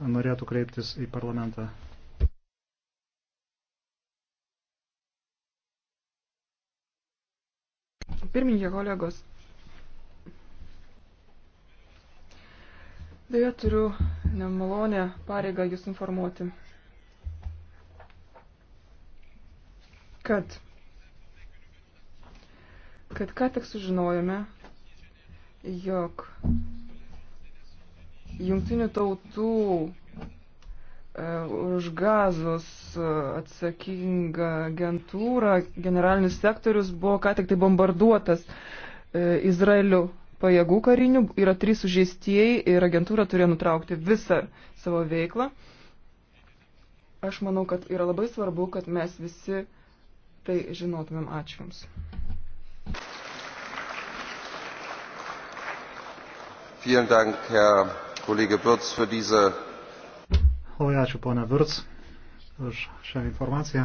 norėtų kreiptis į parlamentą. Pirmininkė kolegos, dėja turiu nemalonę pareigą jūs informuoti, kad, kad ką tik sužinojome, jog Jungtinių tautų e, už gazos e, atsakinga agentūra, generalinis sektorius buvo ką tik tai bombarduotas e, Izraelio pajėgų karinių, yra trys sužeistieji ir agentūra turėjo nutraukti visą savo veiklą. Aš manau, kad yra labai svarbu, kad mes visi tai žinotumėm. Ačiū Jums. Vielen Dank, Herr Kollege Wirtz, für diese. Labai ačiū, ponia Virts, už šią informaciją.